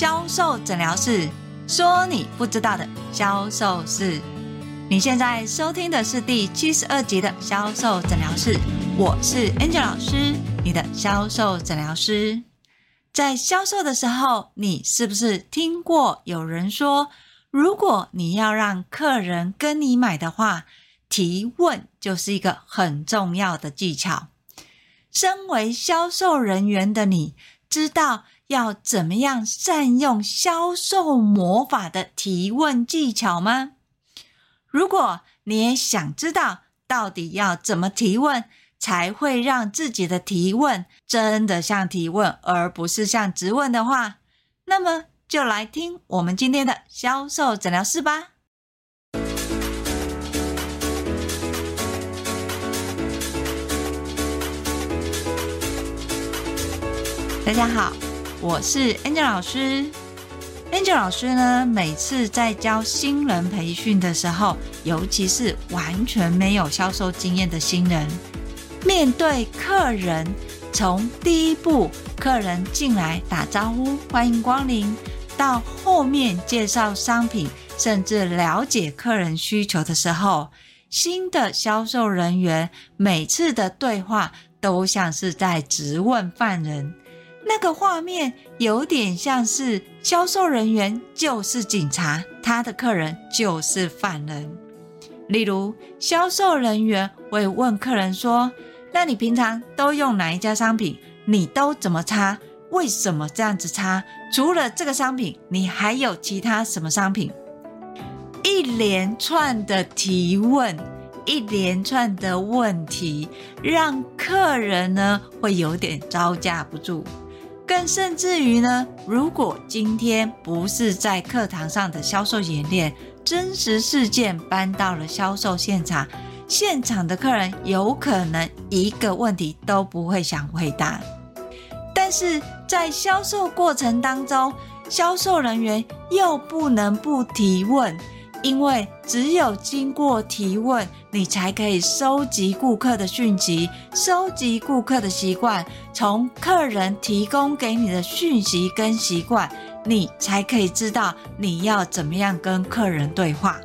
銷售診療室說：“你不知道的銷售室。你現在收聽的是第七十二集的銷售診療室，我是 Angel 老師，你的銷售診療師。在銷售的時候，你是不是聽過有人說，如果你要讓客人跟你買的話，提問就是一個很重要的技巧？身為銷售人員的你，知道，”要怎麼樣善用銷售魔法的提問技巧嗎？如果你也想知道到底要怎麼提問，才會讓自己的提問真的像提問，而不是像質問的話，那麼就來聽我們今天的銷售診療室吧。大家好。我是 Angel 老師。Angel 老師呢，每次在教新人培訓的時候，尤其是完全沒有銷售經驗的新人，面對客人，從第一步客人進來打招呼“歡迎光臨”，到後面介紹商品，甚至了解客人需求的時候，新的銷售人員每次的對話都像是在質問犯人。那個畫面有點像是銷售人員就是警察，他的客人就是犯人。例如，銷售人員會問客人說：“那你平常都用哪一家商品？你都怎麼擦？為什麼這樣子擦？除了這個商品，你還有其他什麼商品？”一連串的提問，一連串的問題，讓客人呢會有點招架不住。更甚至於呢，如果今天不是在課堂上的銷售演練，真實事件搬到了銷售現場，現場的客人有可能一個問題都不會想回答，但是在銷售過程當中，銷售人員又不能不提問。因為只有經過提問，你才可以收集顧客的訊息，收集顧客的習慣。從客人提供給你的訊息跟習慣，你才可以知道你要怎麼樣跟客人對話。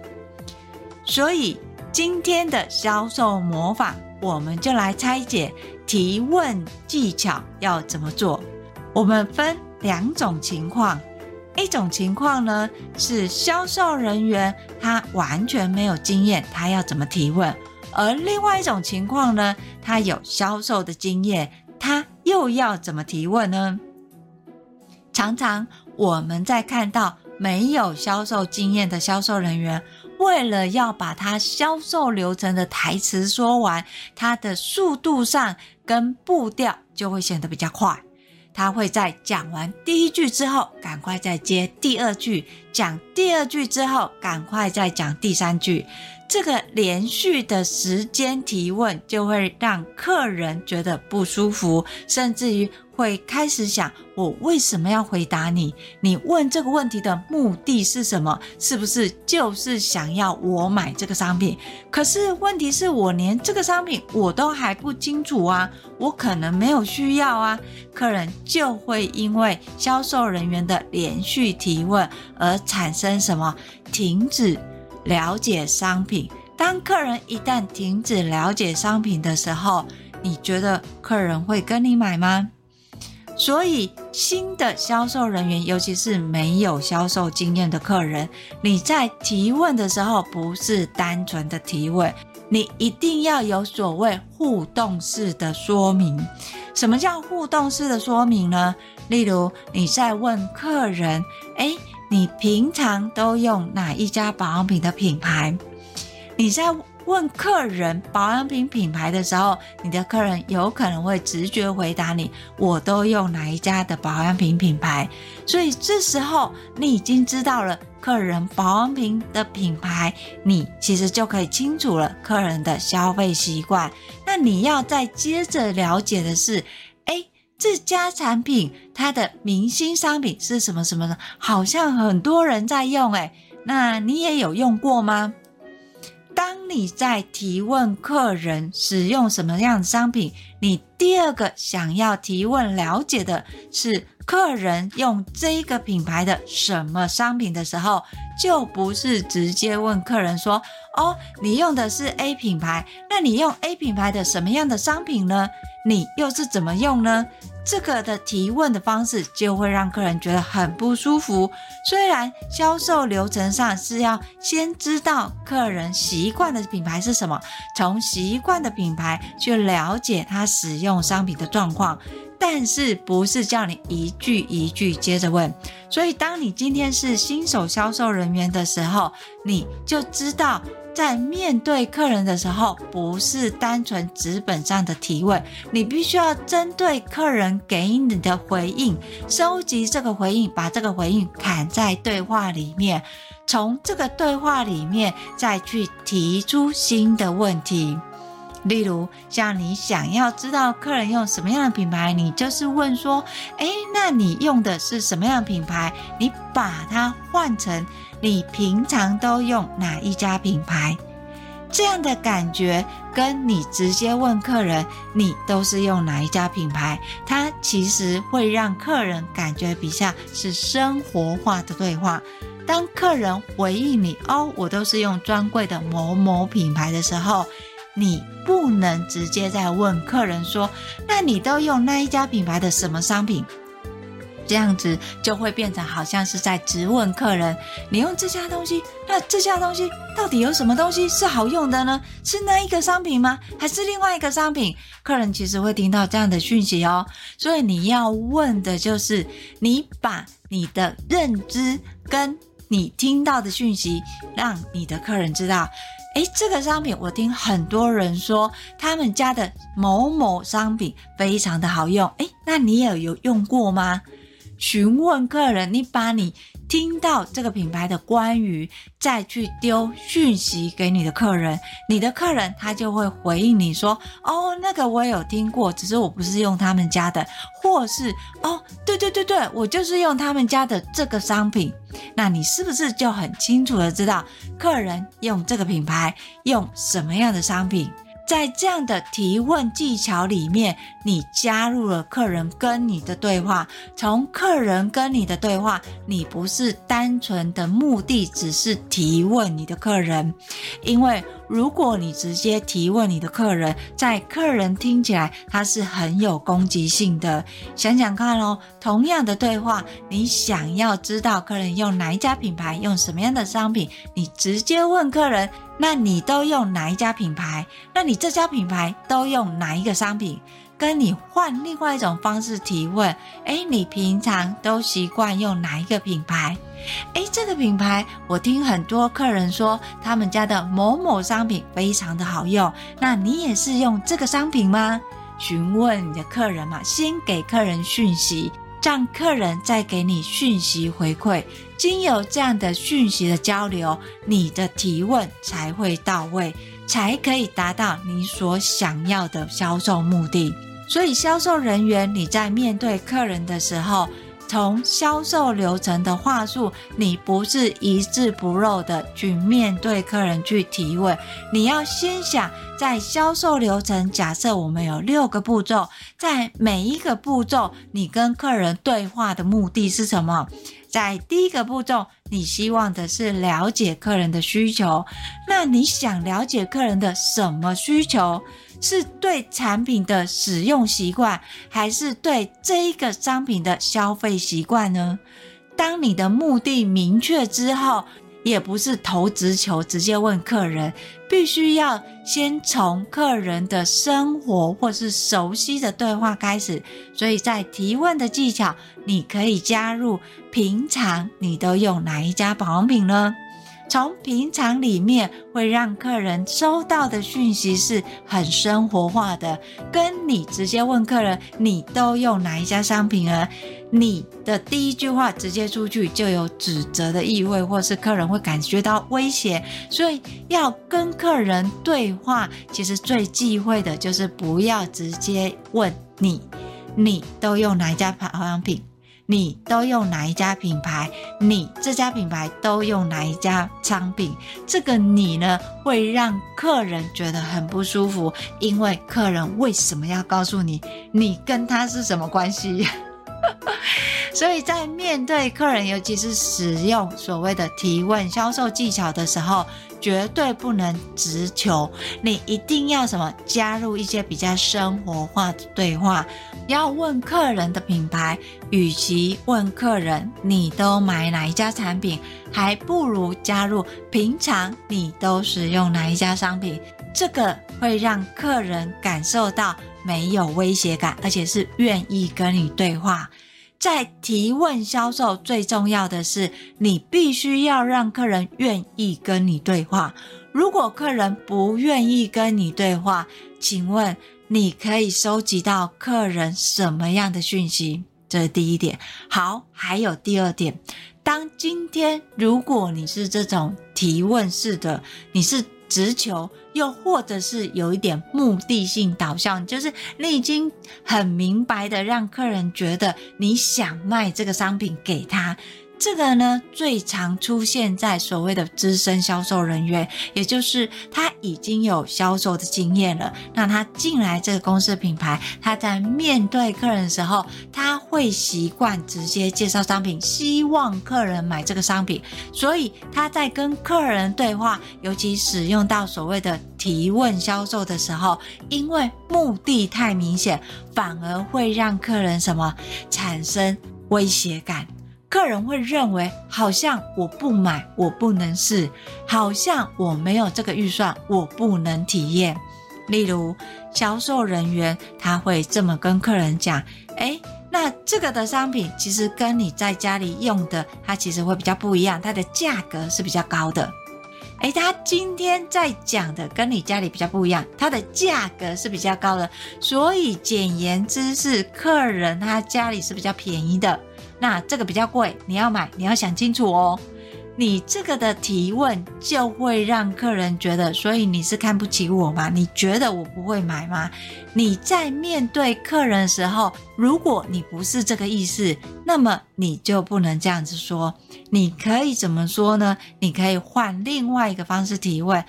所以今天的銷售魔法，我們就來拆解提問技巧要怎麼做。我們分兩種情況。一種情況呢，是銷售人員他完全沒有經驗，他要怎麼提問。而另外一種情況呢，他有銷售的經驗，他又要怎麼提問呢？常常我們在看到沒有銷售經驗的銷售人員，為了要把他銷售流程的台詞說完，他的速度上跟步調就會顯得比較快。他會在講完第一句之後，趕快再接第二句，講第二句之後，趕快再講第三句。這個連續的時間提問就會讓客人覺得不舒服，甚至於會開始想：我為什麼要回答你？你問這個問題的目的是什麼？是不是就是想要我買這個商品？可是問題是我連這個商品我都還不清楚啊，我可能沒有需要啊。客人就會因為銷售人員的連續提問而產生什麼？停止。了解商品，當客人一旦停止了解商品的時候，你覺得客人會跟你買嗎？所以，新的銷售人員，尤其是沒有銷售經驗的客人，你在提問的時候，不是單純的提問，你一定要有所謂互動式的說明。什麼叫互動式的說明呢？例如，你在問客人，哎。你平常都用哪一家保養品的品牌？你在問客人保養品品牌的時候，你的客人有可能會直覺回答你：“我都用哪一家的保養品品牌。”所以這時候你已經知道了客人保養品的品牌，你其實就可以清楚了客人的消費習慣。那你要再接着了解的是，這家產品，它的明星商品是什麼什麼的？好像很多人在用誒，誒，那你也有用過嗎？當你在提問客人使用什麼樣的商品，你第二個想要提問了解的是。客人用這個品牌的什麼商品的時候，就不是直接問客人說：“哦，你用的是 A 品牌，那你用 A 品牌的什麼樣的商品呢？你又是怎麼用呢？”這個的提問的方式就會讓客人覺得很不舒服。雖然銷售流程上是要先知道客人習慣的品牌是什麼，從習慣的品牌去了解他使用商品的狀況，但是不是叫你一句一句接着問。所以當你今天是新手銷售人員的時候，你就知道。在面對客人的時候，不是單純紙本上的提問，你必須要針對客人給你的回應，收集這個回應，把這個回應砍在對話裡面，從這個對話裡面再去提出新的問題。例如，像你想要知道客人用什麼樣的品牌，你就是問說：“誒，那你用的是什麼樣的品牌？”你把它換成。你平常都用哪一家品牌？這樣的感覺跟你直接問客人“你都是用哪一家品牌”，它其實會讓客人感覺比較是生活化的對話。當客人回應你“哦，我都是用專櫃的某某品牌”的時候，你不能直接再問客人說：“那你都用那一家品牌的什麼商品？”這樣子就會變成好像是在質問客人：“你用這家東西，那這家東西到底有什麼東西是好用的呢？是那一個商品嗎？還是另外一個商品？”客人其實會聽到這樣的訊息哦。所以你要問的就是，你把你的認知跟你聽到的訊息，讓你的客人知道：“誒，這個商品，我聽很多人說他們家的某某商品非常的好用。誒，那你也有用過嗎？”詢問客人，你把你聽到這個品牌的關於，再去丟訊息給你的客人，你的客人他就會回應你說：“哦，那個我有聽過，只是我不是用他們家的，或是哦，對對對對，我就是用他們家的這個商品。”那你是不是就很清楚的知道客人用這個品牌用什麼樣的商品？在這樣的提問技巧裡面，你加入了客人跟你的對話。從客人跟你的對話，你不是單純的目的，只是提問你的客人，因為。如果你直接提問你的客人，在客人聽起來他是很有攻擊性的。想想看哦，同樣的對話，你想要知道客人用哪一家品牌，用什麼樣的商品，你直接問客人，那你都用哪一家品牌？那你這家品牌都用哪一個商品？跟你換另外一種方式提問，哎、欸，你平常都習慣用哪一個品牌？哎、欸，這個品牌我聽很多客人說他們家的某某商品非常的好用，那你也是用這個商品嗎？詢問你的客人嘛，先給客人訊息，讓客人再給你訊息回饋。經由這樣的訊息的交流，你的提問才會到位。才可以達到你所想要的銷售目的。所以，銷售人員，你在面對客人的時候，從銷售流程的話術，你不是一字不漏的去面對客人去提問，你要先想，在銷售流程，假設我們有六個步驟，在每一個步驟，你跟客人對話的目的是什麼？在第一個步驟，你希望的是了解客人的需求。那你想了解客人的什麼需求？是對產品的使用習慣，還是對這一個商品的消費習慣呢？當你的目的明確之後，也不是投直球，直接問客人。必須要先從客人的生活，或是熟悉的對話開始，所以在提問的技巧，你可以加入，平常你都用哪一家保養品呢？從平常裡面會讓客人收到的訊息是很生活化的，跟你直接問客人你都用哪一家商品啊？你的第一句話直接出去就有指責的意味，或是客人會感覺到威脅，所以要跟客人對話，其實最忌諱的就是不要直接問你你都用哪一家保養品。你都用哪一家品牌？你這家品牌都用哪一家商品？這個你呢，會讓客人覺得很不舒服，因為客人為什麼要告訴你，你跟他是什麼關係？ 所以在面對客人，尤其是使用所謂的提問銷售技巧的時候。絕對不能直求，你一定要什麼加入一些比較生活化的對話，要問客人的品牌。與其問客人你都買哪一家產品，還不如加入平常你都使用哪一家商品，這個會讓客人感受到沒有威脅感，而且是願意跟你對話。在提問銷售最重要的是，你必須要讓客人願意跟你對話。如果客人不願意跟你對話，請問你可以收集到客人什麼樣的訊息？這是第一點。好，還有第二點，當今天如果你是這種提問式的，你是。直球，又或者是有一點目的性導向，就是你已經很明白的讓客人覺得你想賣這個商品給他。這個呢，最常出現在所謂的資深銷售人員，也就是他已經有銷售的經驗了。那他進來這個公司品牌，他在面對客人的時候，他會習慣直接介紹商品，希望客人買這個商品。所以他在跟客人對話，尤其使用到所謂的提問銷售的時候，因為目的太明顯，反而會讓客人什麼？產生威脅感。客人會認為，好像我不買，我不能試；好像我沒有這個預算，我不能體驗。例如，銷售人員他會這麼跟客人講：“哎，那這個的商品其實跟你在家裡用的，它其實會比較不一樣，它的價格是比較高的。哎，他今天在講的跟你家裡比較不一樣，它的價格是比較高的。所以簡言之是，客人他家裡是比較便宜的。”那這個比較貴，你要買，你要想清楚哦。你這個的提問就會讓客人覺得，所以你是看不起我嗎？你覺得我不會買嗎？你在面對客人的時候，如果你不是這個意思，那麼你就不能這樣子說。你可以怎麼說呢？你可以換另外一個方式提問。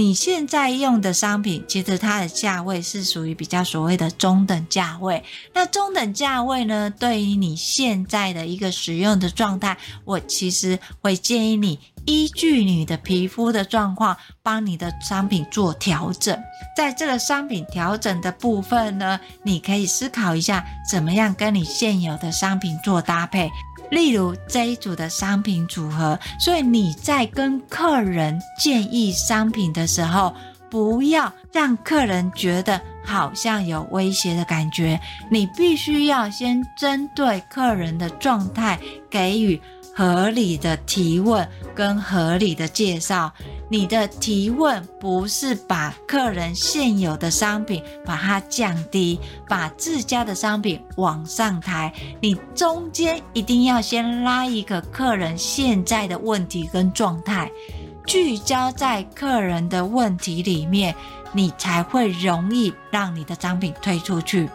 你現在用的商品，其實它的價位是屬於比較所謂的中等價位。那中等價位呢，對於你現在的一個使用的狀態，我其實會建議你依據你的皮膚的狀況，幫你的商品做調整。在這個商品調整的部分呢，你可以思考一下怎麼樣跟你現有的商品做搭配。例如這一組的商品組合，所以你在跟客人建議商品的時候，不要讓客人覺得好像有威脅的感覺。你必須要先針對客人的狀態給予。合理的提問跟合理的介紹，你的提問不是把客人現有的商品把它降低，把自家的商品往上抬，你中間一定要先拉一個客人現在的問題跟狀態，聚焦在客人的問題裡面，你才會容易讓你的商品推出去。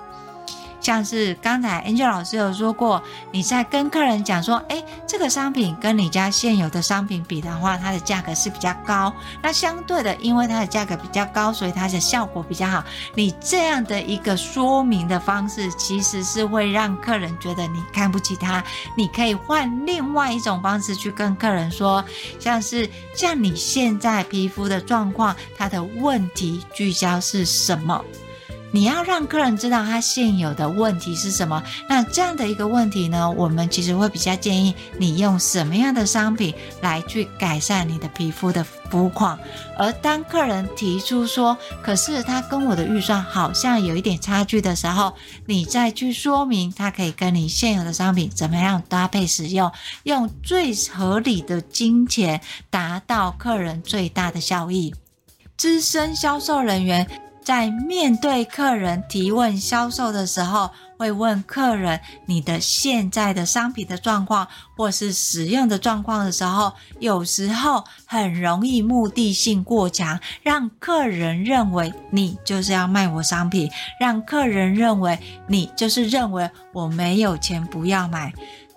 像是剛才 Angel 老師有說過，你在跟客人講說，誒，這個商品跟你家現有的商品比的話，它的價格是比較高。那相對的，因為它的價格比較高，所以它的效果比較好。你這樣的一個說明的方式，其實是會讓客人覺得你看不起他。你可以換另外一種方式去跟客人說，像是像你現在皮膚的狀況，它的問題聚焦是什麼？你要讓客人知道他現有的問題是什麼，那這樣的一個問題呢，我們其實會比較建議你用什麼樣的商品來去改善你的皮膚的膚況。而當客人提出說，可是他跟我的預算好像有一點差距的時候，你再去說明他可以跟你現有的商品怎麼樣搭配使用，用最合理的金錢達到客人最大的效益。資深銷售人員。在面對客人提問銷售的時候，會問客人你的現在的商品的狀況，或是使用的狀況的時候，有時候很容易目的性過強，讓客人認為你就是要賣我商品，讓客人認為你就是認為我沒有錢不要買。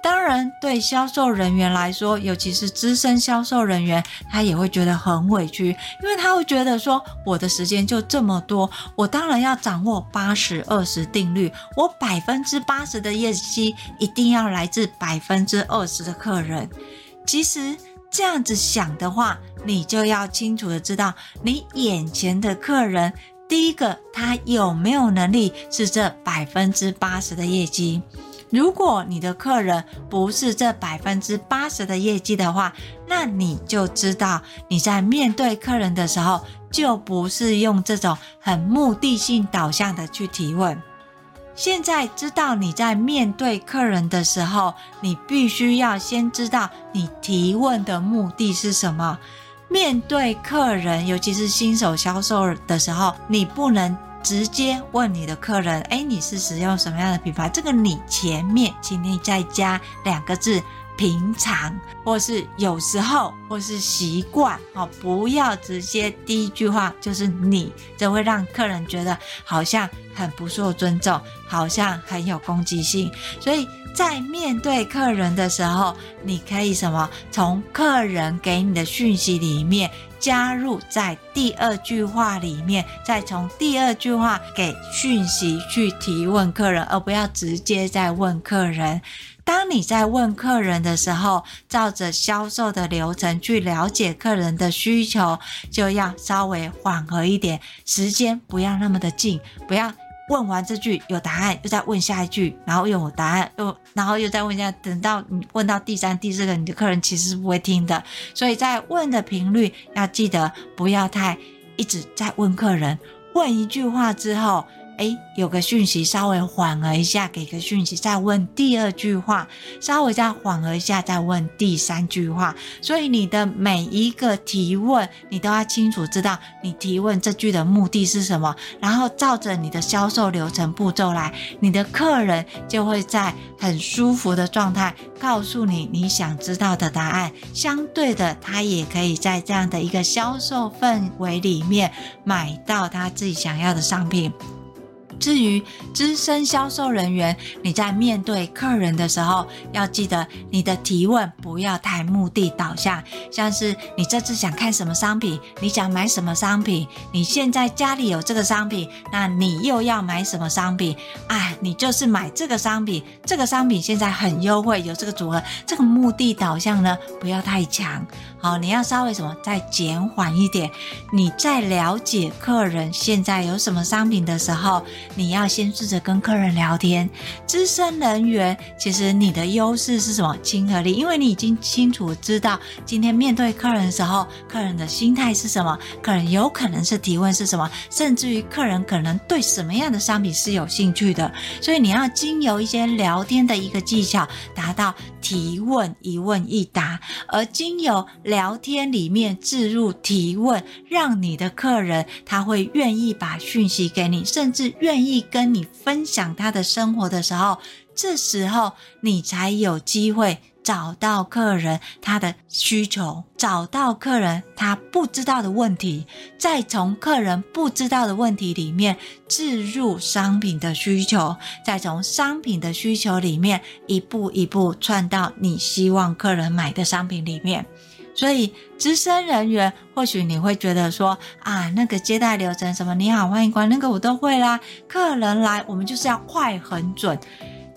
當然，對銷售人員來說，尤其是資深銷售人員，他也會覺得很委屈，因為他會覺得說，我的時間就這麼多，我當然要掌握八十二十定律，我百分之八十的業績一定要來自百分之二十的客人。其實這樣子想的話，你就要清楚的知道，你眼前的客人，第一個他有沒有能力，是這百分之八十的業績。如果你的客人不是這百分之八十的業績的話，那你就知道你在面對客人的時候，就不是用這種很目的性導向的去提問。現在知道你在面對客人的時候，你必須要先知道你提問的目的是什麼。面對客人，尤其是新手銷售的時候，你不能。直接問你的客人，哎，你是使用什麼樣的品牌？這個你前面請你再加兩個字，平常，或是有時候，或是習慣，哦，不要直接第一句話就是你，這會讓客人覺得好像很不受尊重，好像很有攻擊性。所以在面對客人的時候，你可以什麼？從客人給你的訊息裡面。加入在第二句話裡面，再從第二句話給訊息去提問客人，而不要直接再問客人。當你在問客人的時候，照着銷售的流程去了解客人的需求，就要稍微緩和一點，時間不要那麼的近，不要。問完這句有答案，又再問下一句，然後又有答案，又然後又再問一下。等到你問到第三、第四個，你的客人其實是不會聽的。所以在問的頻率要記得不要太一直在問客人。問一句話之後，誒，有個訊息稍微緩和一下，給個訊息，再問第二句話，稍微再緩和一下，再問第三句話。所以你的每一個提問，你都要清楚知道你提問這句的目的是什麼？然後照着你的銷售流程步驟來，你的客人就會在很舒服的狀態告訴你你想知道的答案。相對的，他也可以在這樣的一個銷售氛圍裡面買到他自己想要的商品。至於資深銷售人員，你在面對客人的時候，要記得你的提問不要太目的導向，像是你這次想看什麼商品？你想買什麼商品？你現在家裡有這個商品，那你又要買什麼商品？唉，你就是買這個商品，這個商品現在很優惠，有這個組合，這個目的導向呢，不要太強。好，你要稍微什麼再減緩一點，你在了解客人現在有什麼商品的時候。你要先試着跟客人聊天。資深人員其實你的優勢是什麼？親和力，因為你已經清楚知道今天面對客人的時候，客人的心態是什麼，客人有可能是提問是什麼，甚至於客人可能對什麼樣的商品是有興趣的。所以你要經由一些聊天的一個技巧，達到提問一問一答，而經由聊天裡面置入提問，讓你的客人他會願意把訊息給你，甚至願。願意跟你分享他的生活的時候，這時候你才有機會找到客人他的需求，找到客人他不知道的問題，再從客人不知道的問題裡面置入商品的需求，再從商品的需求裡面一步一步串到你希望客人買的商品裡面。所以，資深人員或許你會覺得說啊，那個接待流程什麼，你好，歡迎光，那個我都會啦。客人來，我們就是要快、狠、準。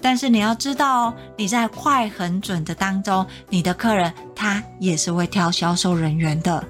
但是你要知道哦，你在快、狠、準的當中，你的客人他也是會挑銷售人員的。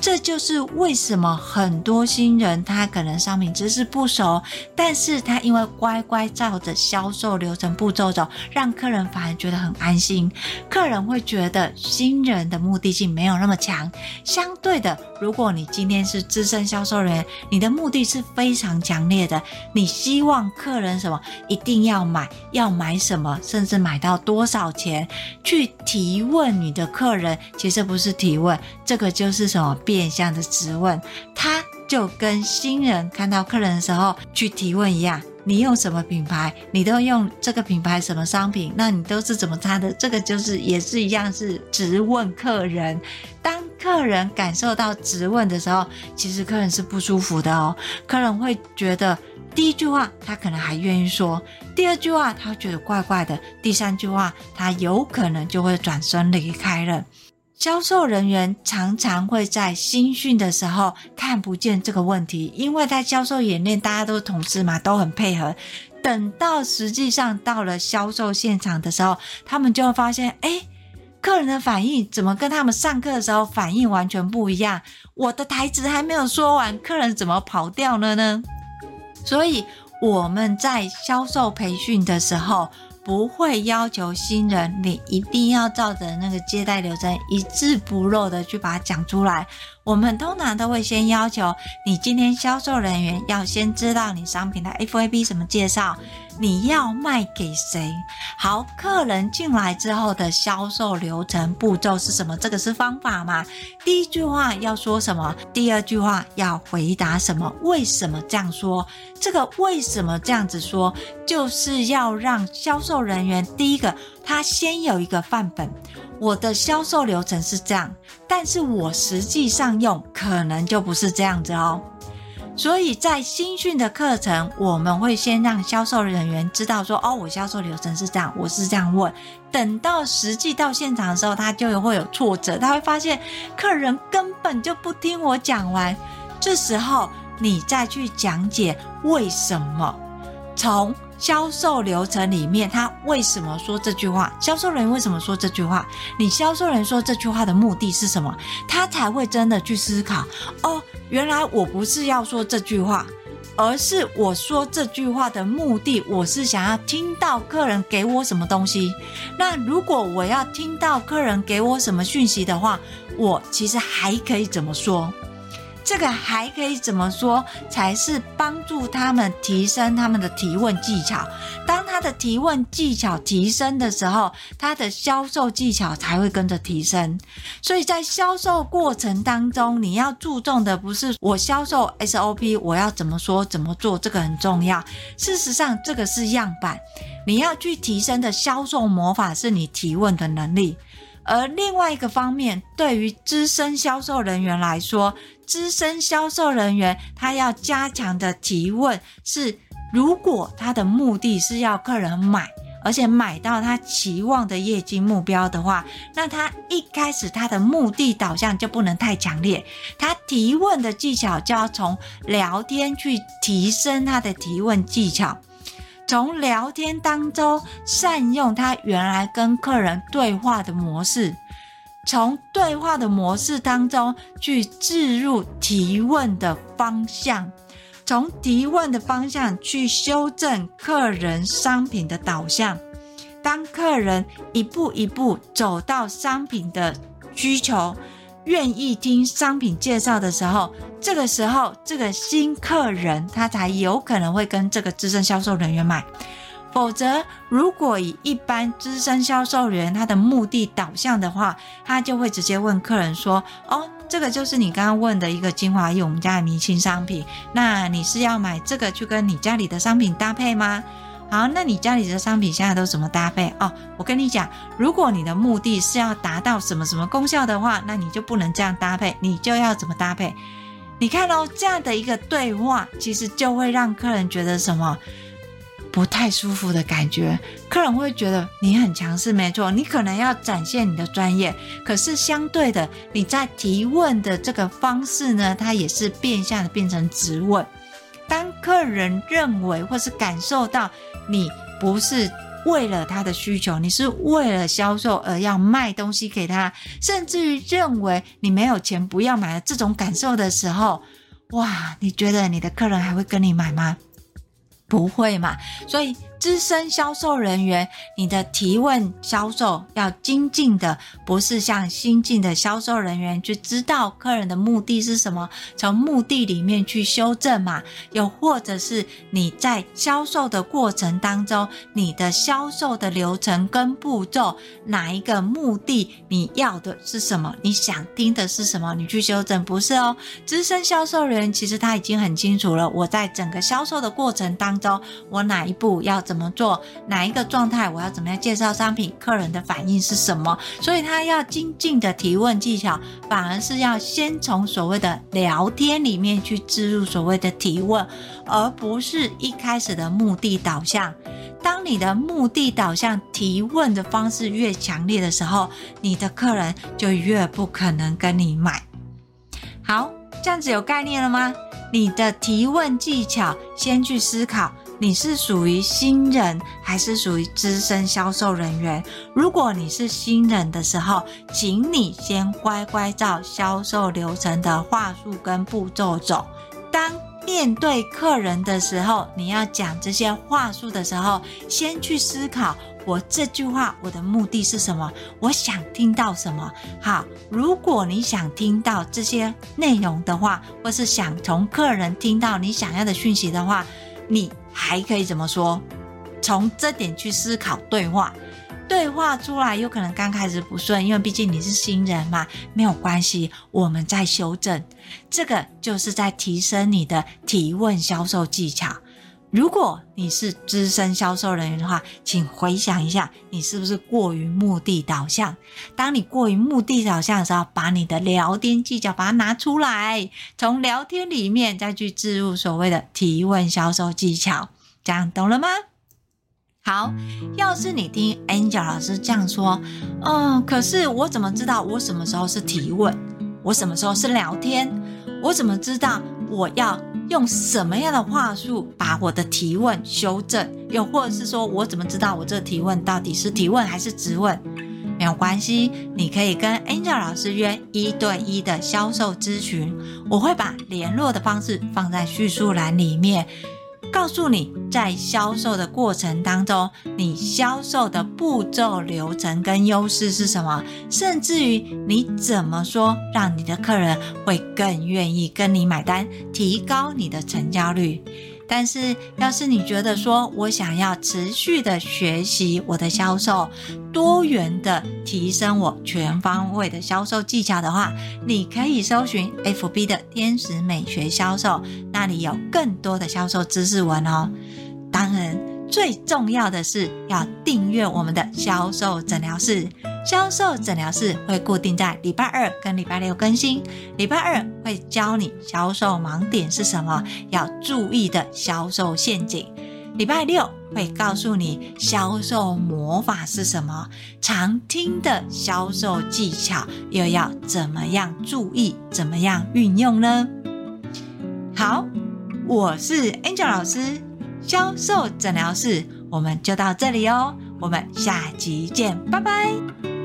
這就是為什麼很多新人他可能商品知識不熟，但是他因為乖乖照着銷售流程步驟走，讓客人反而覺得很安心。客人會覺得新人的目的性沒有那麼強。相對的，如果你今天是資深銷售人員，你的目的是非常強烈的，你希望客人什麼？一定要買，要買什麼，甚至買到多少錢，去提問你的客人，其實不是提問，這個就是什麼？變相的質問，他就跟新人看到客人的時候去提問一樣。你用什麼品牌？你都用這個品牌什麼商品？那你都是怎麼擦的？這個就是也是一樣，是質問客人。當客人感受到質問的時候，其實客人是不舒服的哦。客人會覺得第一句話他可能還願意說，第二句話他會覺得怪怪的，第三句話他有可能就會轉身離開了。銷售人員常常會在新訓的時候看不見這個問題，因為在銷售演練，大家都同事嘛，都很配合。等到實際上到了銷售現場的時候，他們就會發現，哎、欸，客人的反應怎麼跟他們上課的時候反應完全不一樣？我的台詞還沒有說完，客人怎麼跑掉了呢？所以我們在銷售培訓的時候，不會要求新人，你一定要照着那個接待流程一字不漏的去把它講出來。我們通常都會先要求你今天銷售人員要先知道你商品的 FAB 什麼介紹。你要賣給誰？好，客人進來之後的銷售流程步驟是什麼？這個是方法嗎？第一句話要說什麼？第二句話要回答什麼？為什麼這樣說？這個為什麼這樣子說？就是要讓銷售人員第一個，他先有一個範本。我的銷售流程是這樣，但是我實際上用可能就不是這樣子哦。所以在新訓的課程，我們會先讓銷售人員知道說，哦，我銷售流程是這樣，我是這樣問。等到實際到現場的時候，他就會有挫折，他會發現客人根本就不聽我講完。這時候你再去講解為什麼。從銷售流程裡面，他為什麼說這句話？銷售人為什麼說這句話？你銷售人說這句話的目的是什麼？他才會真的去思考，哦，原來我不是要說這句話，而是我說這句話的目的，我是想要聽到客人給我什麼東西。那如果我要聽到客人給我什麼訊息的話，我其實還可以怎麼說？這個還可以怎麼說才是幫助他們提升他們的提問技巧？當他的提問技巧提升的時候，他的銷售技巧才會跟着提升。所以在銷售過程當中，你要注重的不是我銷售 SOP，我要怎麼說，怎麼做，這個很重要。事實上，這個是樣板，你要去提升的銷售魔法是你提問的能力。而另外一個方面，對於資深銷售人員來說，資深銷售人員，他要加強的提問是：如果他的目的是要客人買，而且買到他期望的業績目標的話，那他一開始他的目的導向就不能太強烈。他提問的技巧就要從聊天去提升他的提問技巧，從聊天當中善用他原來跟客人對話的模式。從對話的模式當中去置入提問的方向，從提問的方向去修正客人商品的導向。當客人一步一步走到商品的需求，願意聽商品介紹的時候，這個時候這個新客人他才有可能會跟這個資深銷售人員買。否則，如果以一般資深銷售員他的目的導向的話，他就會直接問客人說：“哦，這個就是你剛剛問的一個精華液，我們家的明星商品。那你是要買這個去跟你家裡的商品搭配嗎？好，那你家裡的商品現在都怎麼搭配？哦，我跟你講，如果你的目的是要達到什麼什麼功效的話，那你就不能這樣搭配，你就要怎麼搭配？你看哦，這樣的一個對話，其實就會讓客人覺得什麼？”不太舒服的感覺，客人會覺得你很強勢。沒錯，你可能要展現你的專業，可是相對的，你在提問的這個方式呢，它也是變相的變成質問。當客人認為或是感受到你不是為了他的需求，你是為了銷售而要賣東西給他，甚至於認為你沒有錢不要買了，這種感受的時候，哇，你覺得你的客人還會跟你買嗎？不會嘛？所以。資深銷售人員，你的提問銷售要精進的，不是像新進的銷售人員去知道客人的目的是什麼，從目的裡面去修正嘛？又或者是你在銷售的過程當中，你的銷售的流程跟步驟，哪一個目的你要的是什麼？你想聽的是什麼？你去修正，不是哦。資深銷售人員其實他已經很清楚了，我在整個銷售的過程當中，我哪一步要。怎麼做？哪一個狀態？我要怎麼樣介紹商品？客人的反應是什麼？所以他要精進的提問技巧，反而是要先從所謂的聊天裡面去置入所謂的提問，而不是一開始的目的導向。當你的目的導向提問的方式越強烈的時候，你的客人就越不可能跟你買。好，這樣子有概念了嗎？你的提問技巧，先去思考。你是屬於新人，還是屬於資深銷售人員？如果你是新人的時候，請你先乖乖照銷售流程的話術跟步驟走。當面對客人的時候，你要講這些話術的時候，先去思考：我這句話我的目的是什麼？我想聽到什麼？好，如果你想聽到這些內容的話，或是想從客人聽到你想要的訊息的話，你。還可以怎麼說？從這點去思考對話，對話出來有可能剛開始不順，因為畢竟你是新人嘛，沒有關係，我們再修正，這個就是在提升你的提問銷售技巧。如果你是資深銷售人員的話，請回想一下，你是不是過於目的導向？當你過於目的導向的時候，把你的聊天技巧把它拿出來，從聊天裡面再去置入所謂的提問銷售技巧，這樣懂了嗎？好，要是你聽 Angela 老師這樣說，嗯，可是我怎麼知道我什麼時候是提問，我什麼時候是聊天？我怎麼知道我要用什麼樣的話術把我的提問修正？又或者是說我怎麼知道我這提問到底是提問還是質問？沒有關係，你可以跟 Angel 老師約一對一的銷售諮詢，我會把聯絡的方式放在敘述欄裡面。告訴你，在銷售的過程當中，你銷售的步驟流程跟優勢是什麼？甚至於你怎麼說，讓你的客人會更願意跟你買單，提高你的成交率。但是，要是你覺得說，我想要持續的學習我的銷售，多元的提升我全方位的銷售技巧的話，你可以搜尋 FB 的天使美學銷售，那裡有更多的銷售知識文哦。當然，最重要的是要訂閱我們的銷售診療室。銷售診療室會固定在禮拜二跟禮拜六更新。禮拜二會教你銷售盲點是什麼？要注意的銷售陷阱。禮拜六會告訴你銷售魔法是什麼？常聽的銷售技巧又要怎麼樣注意，怎麼樣運用呢？好，我是 Angel 老師，銷售診療室我們就到這裡哦。我們下集見，拜拜。